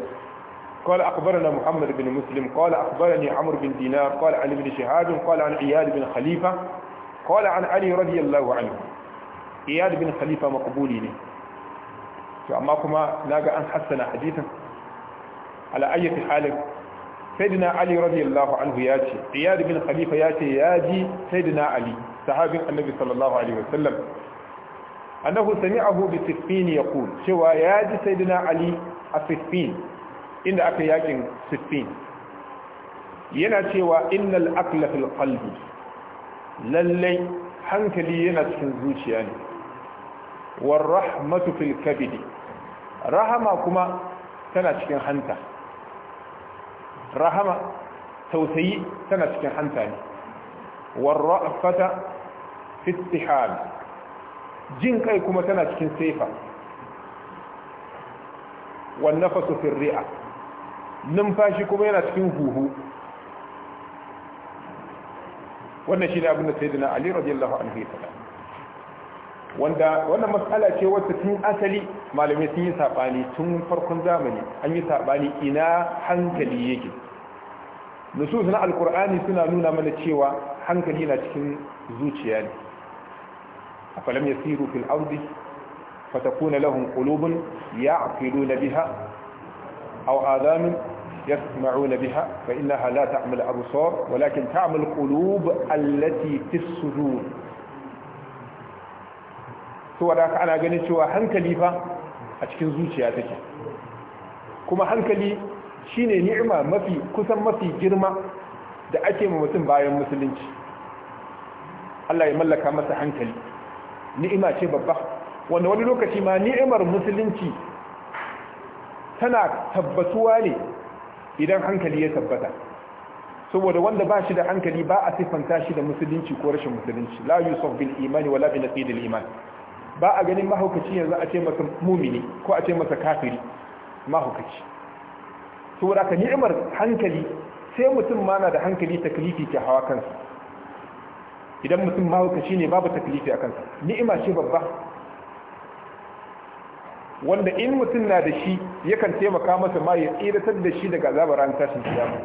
قال أخبرنا محمد بن مسلم قال أخبرني عمرو بن دينار قال عن ابن شهاب قال عن إياد بن خليفة قال عن علي رضي الله عنه إياد بن خليفة مقبولين فأما كما ناقى أن حسن حديثا على أي حال سيدنا علي رضي الله عنه ياتي إياد بن خليفة ياتي ياتي سيدنا علي صحابي النبي صلى الله عليه وسلم أنه سمعه بسفين يقول شوى ياتي سيدنا علي السفين inda aka yakin siffin yana cewa innal aqla fil qalbi lallai hankali yana cikin zuciya ne war rahmatu fil kabidi rahama kuma tana cikin hanta rahama tausayi tana cikin hanta ne war ra'fata fi jin kai kuma tana cikin sefa Wannan nafasu fil ri'a numfashi kuma yana cikin huhu wannan shi ne abin da sayyidina ali radiyallahu anhu ya faɗa wanda wannan matsala ce wacce tun asali malamai sun yi saɓani tun farkon zamani an yi saɓani ina hankali yake nusus na alkur'ani suna nuna mana cewa hankali na cikin zuciya ne afalam yasiru fil ardi fatakuna lahum qulubun ya'qiluna biha aw adhanun يسمعون بها فإنها لا تعمل الأبصار ولكن تعمل القلوب التي في الصدور سوى ذاك أنا قلت شوى هنكلي فا أتكن زوجي أتكن كما هنكلي shine ni'ima mafi kusan mafi girma da ake ma mutum bayan musulunci Allah ya mallaka masa hankali ni'ima ce babba wanda wani lokaci ma ni'imar musulunci tana tabbatuwa ne idan hankali ya tabbata saboda wanda ba shi da hankali ba a siffanta shi da musulunci ko rashin musulunci la yusuf bil imani wala bi al iman ba a ganin mahaukaci yanzu a ce masa mumini ko a ce masa kafiri mahaukaci saboda ka ni'imar hankali sai mutum ma na da hankali taklifi ke hawa kansa idan mutum mahaukaci ne babu taklifi a kansa ni'ima ce babba wanda in mutum na da shi yakan taimaka masa ma ya tsiratar da shi daga azabar ran tashin kiyama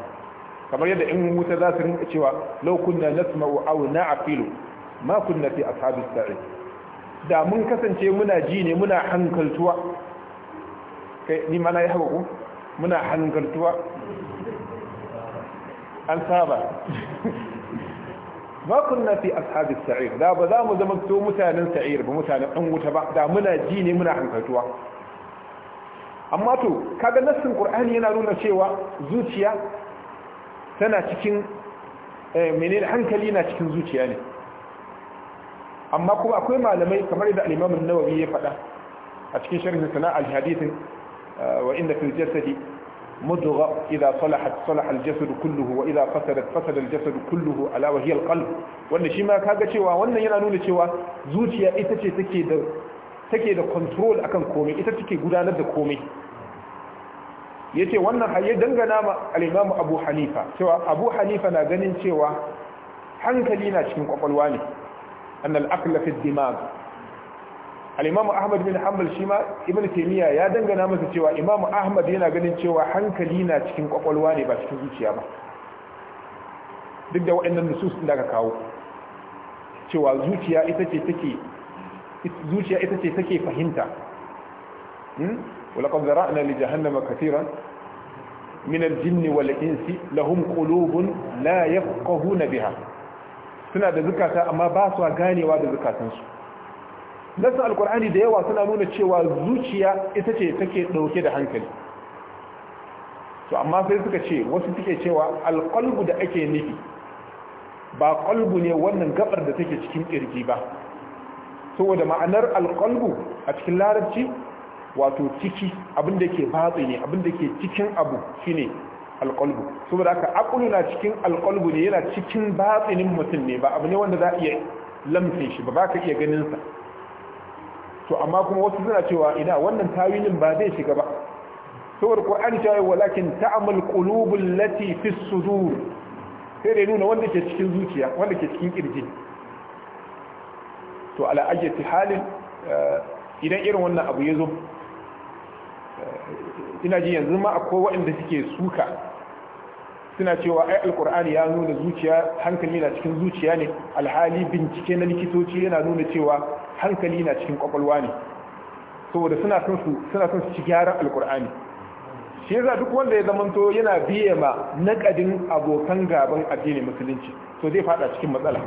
kamar yadda in wuta za su rinka cewa law kunna nasma'u aw na'qilu ma kunna fi ashabis sa'id da mun kasance muna ji ne muna hankaltuwa kai ni ma na yi ko muna hankaltuwa an saba ma kunna fi ashabi sa'ir da ba za mu zama to mutanen sa'ir ba mutanen an wuta ba da muna ji ne muna hankaltuwa amma to kaga nassin qur'ani yana nuna cewa zuciya tana cikin menene hankali na cikin zuciya ne amma kuma akwai malamai kamar da al-Imam an-Nawawi ya faɗa a cikin sharhin sana al-hadithin wa inda fil jasadi مضغة إذا صلحت صلح الجسد كله وإذا فسدت فسد الجسد كله ألا وهي القلب wannan shi ma kaga cewa wannan yana nuna cewa zuciya ita ce take da take da control akan komai ita take gudanar da komai yace wannan ya dangana ma al-Imam Abu Hanifa Abu Hanifa na ganin cewa hankali na cikin kwakwalwa ne annal aqla fi dimag al ahmad bin hanbal shi ma ibn taymiya ya dangana masa cewa imam ahmad yana ganin cewa hankali na cikin kwakwalwa ne ba cikin zuciya ba duk da waɗannan nusus da aka kawo cewa zuciya ita ce take zuciya ita ce take fahimta ولقد Minar jinni كثيرا insi lahum والإنس la قلوب biha suna da zukata amma ba su ganewa da zukatansu. nasu alkur'ani da yawa suna nuna cewa zuciya ita ce take dauke da hankali to amma sai suka ce wasu suke cewa alqalbu da ake nufi ba qalbu ne wannan gabar da take cikin kirji ba saboda ma'anar alqalbu a cikin larabci wato ciki abin da ke batsi ne abin da ke cikin abu shine alqalbu saboda haka akulu na cikin alqalbu ne yana cikin batsinin mutum ne ba abu ne wanda za a iya lamfe shi ba ka iya ganin sa to amma kuma wasu suna cewa ina wannan tawilin ba zai shiga ba saboda qur'ani ta yi walakin ta'mal qulubul lati fi sudur sai dai nuna wanda ke cikin zuciya wanda ke cikin kirji to ala ajati halin eh, idan irin wannan abu ya zo eh, ina ji yanzu ma akwai waɗanda suke suka suna cewa ai alkur'ani ya nuna zuciya hankali na cikin zuciya ne alhali bincike na likitoci yana nuna cewa hankali na cikin kwakwalwa ne saboda suna son su suna son su ci gyaran alkur'ani shi yasa duk wanda ya zamanto yana biye ma nakadin abokan gaban addinin musulunci to zai fada cikin matsala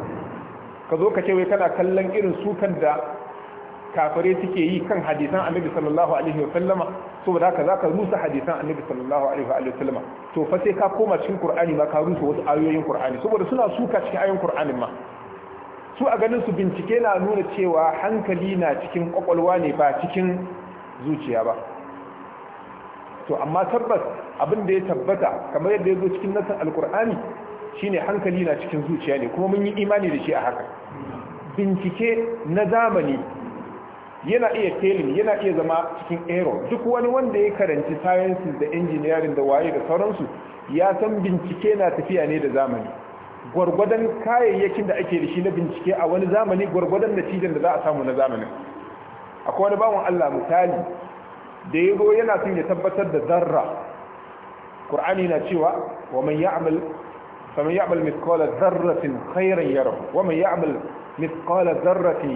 ka zo ka ce wai kana kallon irin sukan da kafare suke yi kan hadisan annabi sallallahu alaihi wa sallama saboda haka zaka rusa hadisan annabi sallallahu alaihi wa sallama to fa sai ka koma cikin qur'ani ba ka rusa wasu ayoyin qur'ani saboda suna suka cikin ayoyin qur'anin ma su a ganin su bincike na nuna cewa hankali na cikin kwakwalwa ne ba cikin zuciya ba to amma tabbas abin da ya tabbata kamar yadda ya zo cikin nasan alkur'ani shine hankali na cikin zuciya ne kuma mun yi imani da shi a haka bincike na zamani yana iya failing yana iya zama cikin error duk wani wanda ya karanci sciences da engineering da waye da sauransu ya san bincike na tafiya ne da zamani gwargwadon kayayyakin da ake da shi na bincike a wani zamani gwargwadon natijan da za a samu na zamanin akwai wani bawan Allah misali da ya zo yana son ya tabbatar da zarra Qur'ani na cewa wa man ya'mal faman ya'mal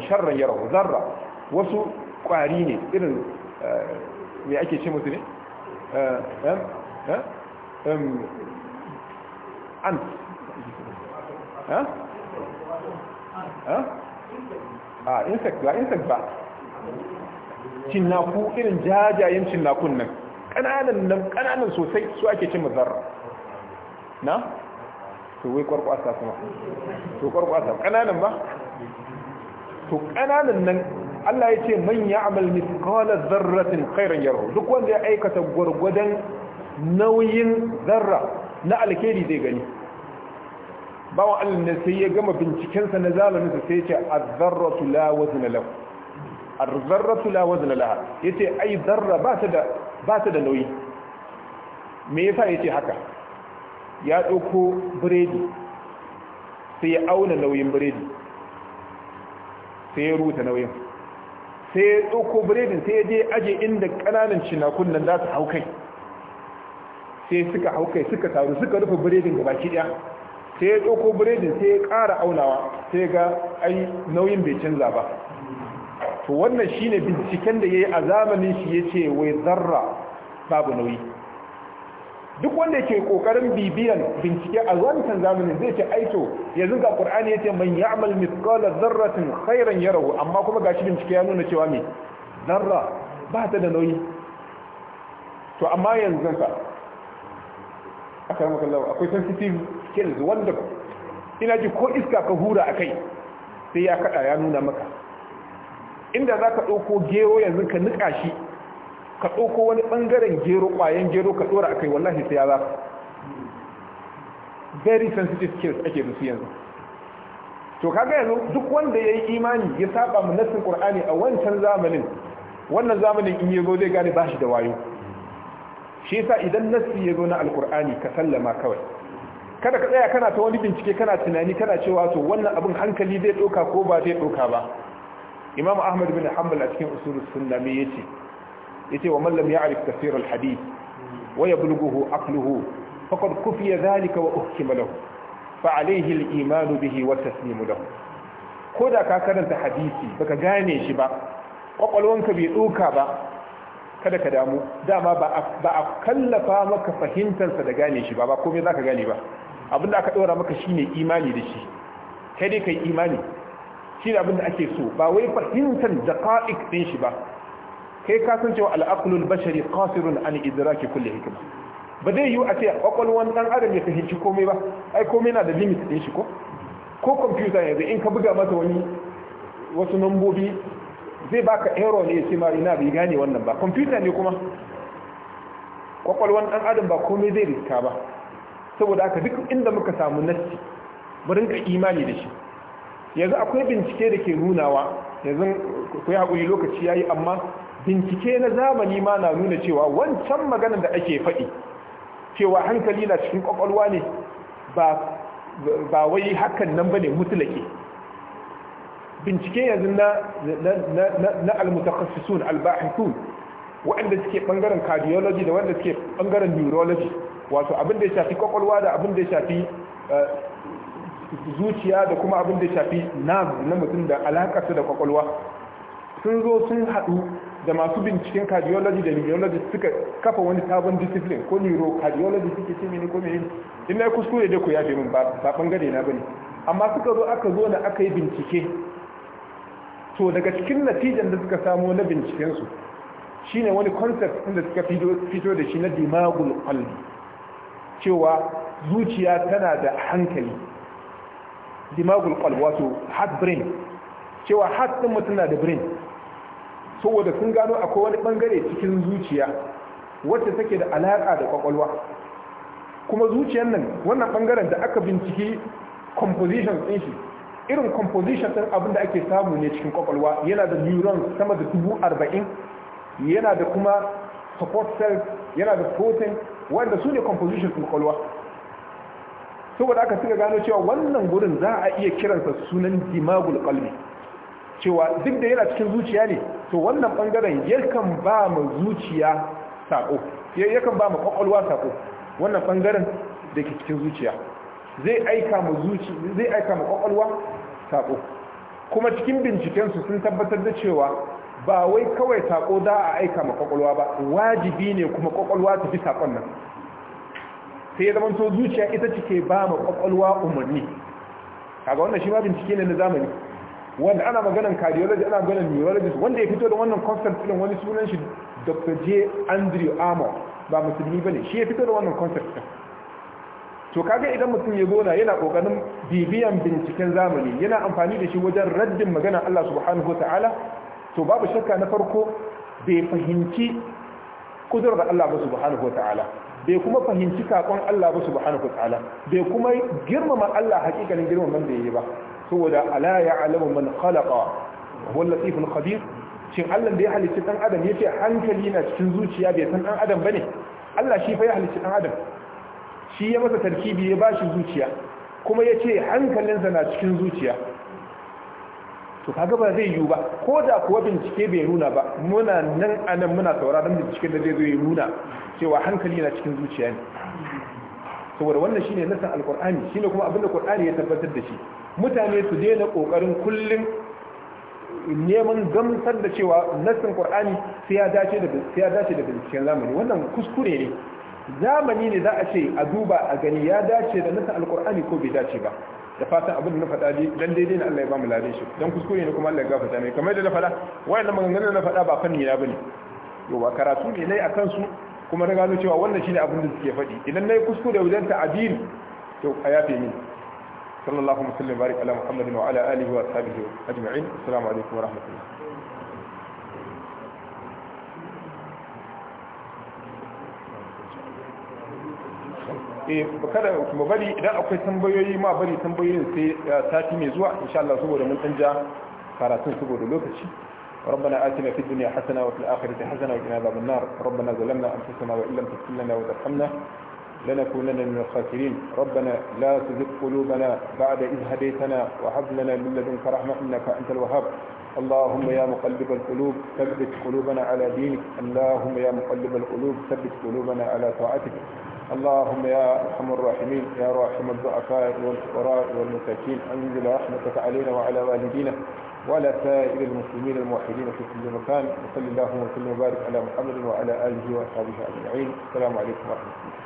sharran yarahu zarra wasu kwari ne irin eh, me ake ce musu ne eh, eh, An? a ah, insect ba insect ba cinnaku irin jajayen cinnakun nan kananan nan kananan sosai su ake cin mazarra na to wai kwarkwasa kuma to kwarkwasa kananan ba to kananan nan Allah ya ce man amal mithqala dharratin khairan yarahu duk wanda ya aikata gurgudan nauyin zarra na alkhairi zai gani bawan Allah ne sai ya gama binciken sa na zalamin sa sai ya ce az-zarratu la wazna lahu az-zarratu la wazna laha yace ai zarra ba ta da ba ta da nauyi me yasa yace haka ya dauko biredi sai ya auna nauyin biredi sai ya rubuta nauyin sai ya ɗauko biredin sai ya je aje inda ƙananan cinakun nan za su hau kai sai suka hau kai suka taru suka rufe biredin ga baki ɗaya sai ya ɗauko biredin sai ya ƙara aunawa sai ga ai nauyin bai canza ba to wannan shine binciken da ya yi a zamanin shi ya ce wai zarra babu nauyi duk wanda ke kokarin bibiyan bincike a zamanin zamanin zai ce aito yanzu ga qur'ani yace man ya'mal mithqala dharratin khairan yarahu amma kuma gashi bincike ya nuna cewa me dharra ba ta da nauyi to amma yanzu ka aka maka akwai sensitive skills wanda ina ji ko iska ka hura akai sai ya kada ya nuna maka inda zaka dauko gero yanzu ka nika shi ka ɗauko wani ɓangaren gero ƙwayen gero ka ɗora a kai wallahi sai ya za ka very sensitive case ake da su yanzu to kaga yanzu duk wanda ya yi imani ya saba mu nassin qur'ani a wancan zamanin wannan zamanin in yazo zai gane bashi da wayo shi yasa idan nassi ya zo na alqur'ani ka sallama kawai kada ka tsaya kana ta wani bincike kana tunani kana cewa to wannan abin hankali zai doka ko ba zai doka ba imam ahmad bin hanbal a cikin usulus sunna me yace yace wa man lam ya'rif tafsir al-hadith wa yablughuhu aqluhu faqad kufiya dhalika wa uhkima lahu fa alayhi al-iman bihi wa taslim lahu ko da ka karanta hadisi baka gane shi ba kwakwalwanka bai doka ba kada ka damu dama ba a kallafa maka fahimtarsa da gane shi ba ba komai ka gane ba abinda aka ɗora maka shine imani da shi kai dai kai imani shi abin abinda ake so ba wai fahimtar daqa'iq din shi ba kai ka san cewa al'aqlul bashari qasirun an idraki kulli hikma ba zai yiwu a ce kwakwalwan dan adam ya fahimci komai ba ai komai na da limit din shi ko ko computer yanzu in ka buga masa wani wasu nambobi zai baka error ne sai ma ina bai gane wannan ba computer ne kuma kwakwalwan dan adam ba komai zai riska ba saboda haka duk inda muka samu nasti mu rinka imani da shi yanzu akwai bincike da ke nunawa yanzu ku yi haƙuri lokaci ya yi amma bincike na zamani ma na nuna cewa wancan maganar da ake faɗi cewa hankali na cikin ƙwaƙwalwa ne ba wai hakan nan ba ne mutulake bincike yanzu na almutakassisun albahithun waɗanda suke ɓangaren cardiology da waɗanda suke ɓangaren neurology wato abin da ya shafi ƙwaƙwalwa da abin da ya shafi eh, zuciya da kuma abin da ya shafi na mutum da alakarsa da ƙwaƙwalwa, sun zo sun haɗu da masu binciken cardiology da neurology suka kafa wani sabon discipline ko cardiology suke ce mini ko mene in na kuskure da ku ya min ba bangare na bane amma suka zo aka zo da aka yi bincike to daga cikin natijan da suka samo na binciken su shine wani concept inda suka fito da shi na dimagul qalbi cewa zuciya tana da hankali dimagul qalbi wato heart brain cewa heart din mutum na da brain saboda sun gano akwai wani bangare cikin zuciya wacce take da alaƙa da kwakwalwa kuma zuciyar nan wannan bangaren da aka binciki composition din shi irin composition din abin da ake samu ne cikin kwakwalwa yana da neurons sama da dubu arba'in yana da kuma support cells yana da protein wanda su ne composition din kwakwalwa saboda aka suka gano cewa wannan gurin za a iya kiransa sunan dimagul kalbi cewa duk da yana cikin zuciya ne to wannan bangaren yakan ba mu zuciya sako yakan ba mu kwakwalwa sako wannan bangaren da ke cikin zuciya zai aika mu zuci zai aika mu kwakwalwa sako kuma cikin binciken su sun tabbatar da cewa ba wai kawai sako za a aika mu kwakwalwa ba wajibi ne kuma kwakwalwa ta fi sakon nan sai ya zama to zuciya ita ce ke ba mu kwakwalwa umarni kaga wannan shi ma bincike ne na zamani wanda ana maganan cardiologist ana maganan neurologist wanda ya fito da wannan concept din wani sunan shi Dr. J Andrew Amor ba musulmi bane shi ya fito da wannan concept din to kaga idan mutum ya gona yana kokarin bibiyan binciken zamani yana amfani da shi wajen raddin maganan Allah subhanahu wataala to babu shakka na farko bai fahimci kudurar Allah ba subhanahu wataala bai kuma fahimci kakon Allah ba subhanahu wataala bai kuma girmama Allah hakikanin girmaman da yayi ba saboda ala ya'lamu man khalaqa huwa latiful khabir shin Allah da ya halicci dan adam yace hankali na cikin zuciya bai san dan adam bane Allah shi fa ya halicci dan adam shi ya masa tarkibi ya bashi zuciya kuma yace hankalinsa na cikin zuciya to kaga ba zai yiwu ba ko da kuwa bincike bai nuna ba muna nan anan muna sauraron bincike da zai zo ya nuna cewa hankali na cikin zuciya ne saboda wannan shine nasan alqur'ani shine kuma abinda qur'ani ya tabbatar da shi mutane su daina kokarin kullum neman gamsar da cewa nassin qur'ani sai ya dace da sai ya dace da binciken zamani wannan kuskure ne zamani ne za a ce a duba a gani ya dace da nassin alqur'ani ko bai dace ba da fatan abin da na faɗa dan daidai ne Allah ya ba mu ladan shi dan kuskure ne kuma Allah ya gafarta mai kamar da na faɗa wayannan maganganun na faɗa ba fanni na bane ba karatu ne nayi akan su kuma na gano cewa wannan shine abin da suke faɗi idan nayi kuskure wajen ta'abiri to a yafe ni. صلى الله وسلم وبارك على محمد وعلى آله وأصحابه أجمعين السلام عليكم ورحمة الله kada mu bari idan akwai tambayoyi ma bari tambayoyin sai sati mai zuwa insha Allah saboda mun danja karatun saboda lokaci ربنا آتنا في الدنيا حسنة وفي الآخرة حسنة وقنا عذاب النار ربنا ظلمنا أنفسنا وإن لم تغفر لنا وترحمنا لنكونن من الخاسرين ربنا لا تزغ قلوبنا بعد إذ هديتنا وهب لنا من لدنك رحمة إنك أنت الوهاب اللهم يا مقلب القلوب ثبت قلوبنا على دينك اللهم يا مقلب القلوب ثبت قلوبنا على طاعتك اللهم يا ارحم الراحمين يا راحم الضعفاء والفقراء والمساكين انزل رحمتك علينا وعلى والدينا وعلى سائر المسلمين الموحدين في كل مكان وصلى اللهم وسلم وبارك على محمد وعلى اله واصحابه اجمعين السلام عليكم ورحمه الله